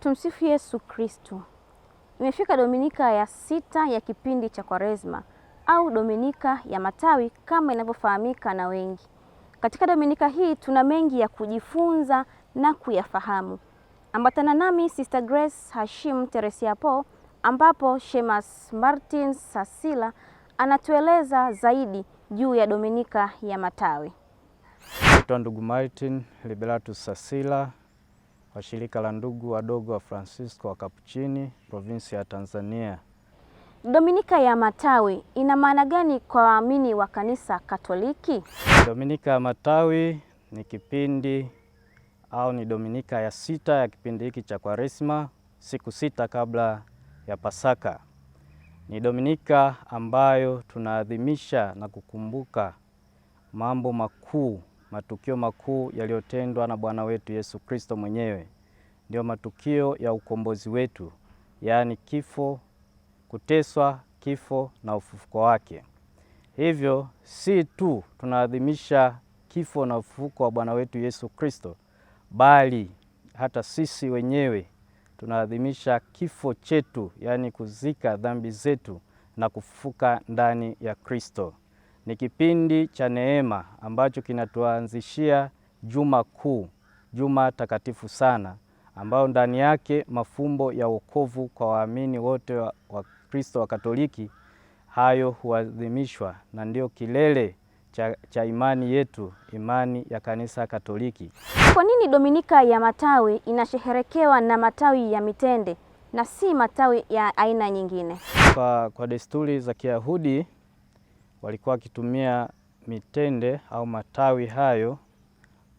Tumsifu Yesu Kristu. Imefika Dominika ya sita ya kipindi cha Kwaresma au Dominika ya Matawi kama inavyofahamika na wengi. Katika Dominika hii tuna mengi ya kujifunza na kuyafahamu. Ambatana nami Sister Grace Hashim Po ambapo Shemas Martin Sasila anatueleza zaidi juu ya Dominika ya Matawi. Ndugu Martin Liberatus Sasila wa shirika la ndugu wadogo wa Francisco wa Kapuchini provinsi ya Tanzania. Dominika ya Matawi ina maana gani kwa waamini wa kanisa Katoliki? Dominika ya Matawi ni kipindi au ni Dominika ya sita ya kipindi hiki cha Kwaresma, siku sita kabla ya Pasaka. Ni Dominika ambayo tunaadhimisha na kukumbuka mambo makuu matukio makuu yaliyotendwa na Bwana wetu Yesu Kristo mwenyewe, ndiyo matukio ya ukombozi wetu, yaani kifo, kuteswa, kifo na ufufuko wake. Hivyo si tu tunaadhimisha kifo na ufufuko wa Bwana wetu Yesu Kristo, bali hata sisi wenyewe tunaadhimisha kifo chetu, yaani kuzika dhambi zetu na kufufuka ndani ya Kristo ni kipindi cha neema ambacho kinatuanzishia Juma Kuu, Juma takatifu sana, ambayo ndani yake mafumbo ya wokovu kwa waamini wote wa, wa Kristo wa Katoliki hayo huadhimishwa na ndio kilele cha, cha imani yetu, imani ya kanisa Katoliki. Kwa nini Dominika ya Matawi inasheherekewa na matawi ya mitende na si matawi ya aina nyingine? Kwa, kwa desturi za Kiyahudi walikuwa wakitumia mitende au matawi hayo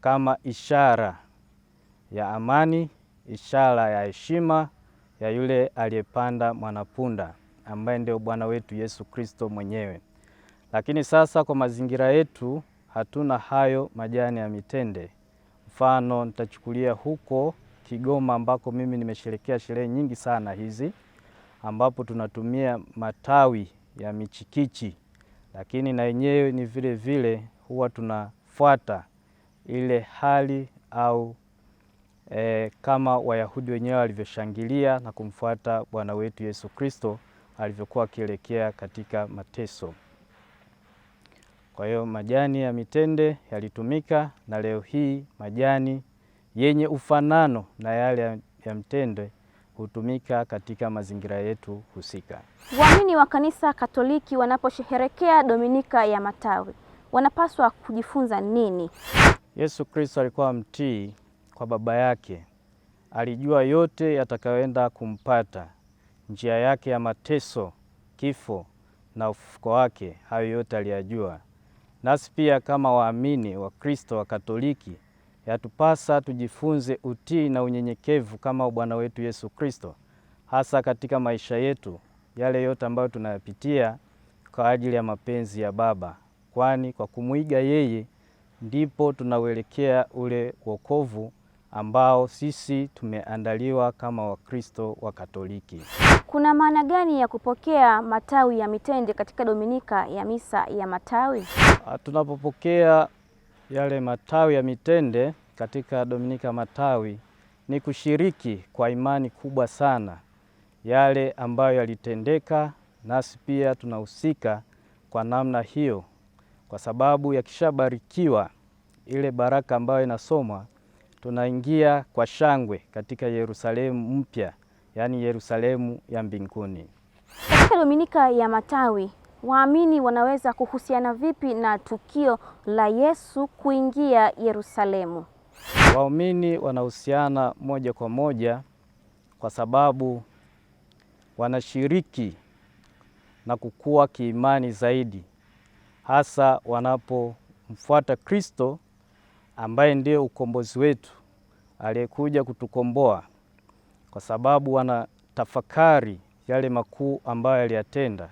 kama ishara ya amani, ishara ya heshima ya yule aliyepanda mwanapunda ambaye ndio Bwana wetu Yesu Kristo mwenyewe. Lakini sasa kwa mazingira yetu hatuna hayo majani ya mitende. Mfano nitachukulia huko Kigoma ambako mimi nimesherekea sherehe nyingi sana hizi ambapo tunatumia matawi ya michikichi lakini na yenyewe ni vile vile huwa tunafuata ile hali au e, kama Wayahudi wenyewe walivyoshangilia na kumfuata Bwana wetu Yesu Kristo alivyokuwa akielekea katika mateso. Kwa hiyo majani ya mitende yalitumika, na leo hii majani yenye ufanano na yale ya mtende hutumika katika mazingira yetu husika. Waamini wa kanisa Katoliki wanaposherehekea Dominika ya Matawi wanapaswa kujifunza nini? Yesu Kristo alikuwa mtii kwa Baba yake, alijua yote yatakayoenda kumpata, njia yake ya mateso, kifo na ufufuko wake, hayo yote aliyajua. Nasi pia kama waamini wa Kristo wa Katoliki yatupasa tujifunze utii na unyenyekevu kama Bwana wetu Yesu Kristo, hasa katika maisha yetu yale yote ambayo tunayapitia kwa ajili ya mapenzi ya Baba, kwani kwa kumwiga yeye ndipo tunauelekea ule wokovu ambao sisi tumeandaliwa kama Wakristo wa Katoliki. Kuna maana gani ya kupokea matawi ya mitende katika Dominika ya misa ya matawi? Ah, tunapopokea yale matawi ya mitende katika Dominika Matawi ni kushiriki kwa imani kubwa sana yale ambayo yalitendeka, nasi pia tunahusika kwa namna hiyo, kwa sababu yakishabarikiwa ile baraka ambayo inasomwa, tunaingia kwa shangwe katika Yerusalemu mpya, yaani Yerusalemu ya mbinguni. Katika Dominika ya Matawi waamini wanaweza kuhusiana vipi na tukio la Yesu kuingia Yerusalemu? Waumini wanahusiana moja kwa moja kwa sababu wanashiriki na kukua kiimani zaidi, hasa wanapomfuata Kristo ambaye ndiye ukombozi wetu aliyekuja kutukomboa, kwa sababu wanatafakari yale makuu ambayo aliyatenda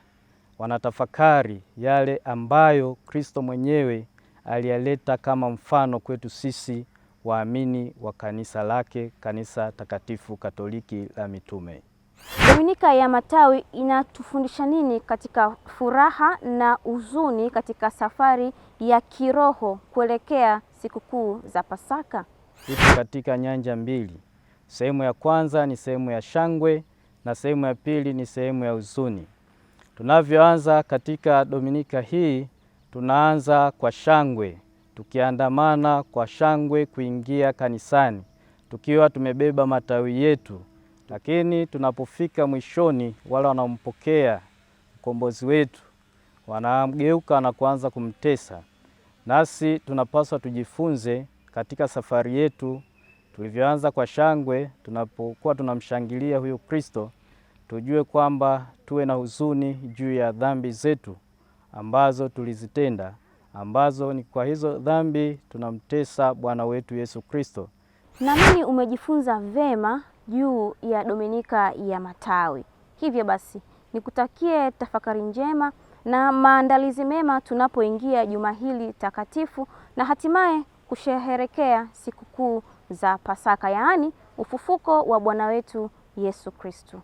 wanatafakari yale ambayo Kristo mwenyewe aliyaleta kama mfano kwetu sisi waamini wa kanisa lake, kanisa takatifu Katoliki la Mitume. Dominika ya Matawi inatufundisha nini katika furaha na huzuni katika safari ya kiroho kuelekea sikukuu za Pasaka? Ipo katika nyanja mbili. Sehemu ya kwanza ni sehemu ya shangwe na sehemu ya pili ni sehemu ya huzuni. Tunavyoanza katika Dominika hii, tunaanza kwa shangwe, tukiandamana kwa shangwe kuingia kanisani tukiwa tumebeba matawi yetu, lakini tunapofika mwishoni, wale wanaompokea mkombozi wetu wanamgeuka na kuanza kumtesa. Nasi tunapaswa tujifunze katika safari yetu tulivyoanza kwa shangwe, tunapokuwa tunamshangilia huyo Kristo tujue kwamba tuwe na huzuni juu ya dhambi zetu ambazo tulizitenda, ambazo ni kwa hizo dhambi tunamtesa Bwana wetu Yesu Kristo. Naamini umejifunza vema juu ya Dominika ya Matawi. Hivyo basi nikutakie tafakari njema na maandalizi mema tunapoingia juma hili takatifu na hatimaye kusherehekea sikukuu za Pasaka, yaani ufufuko wa Bwana wetu Yesu Kristo.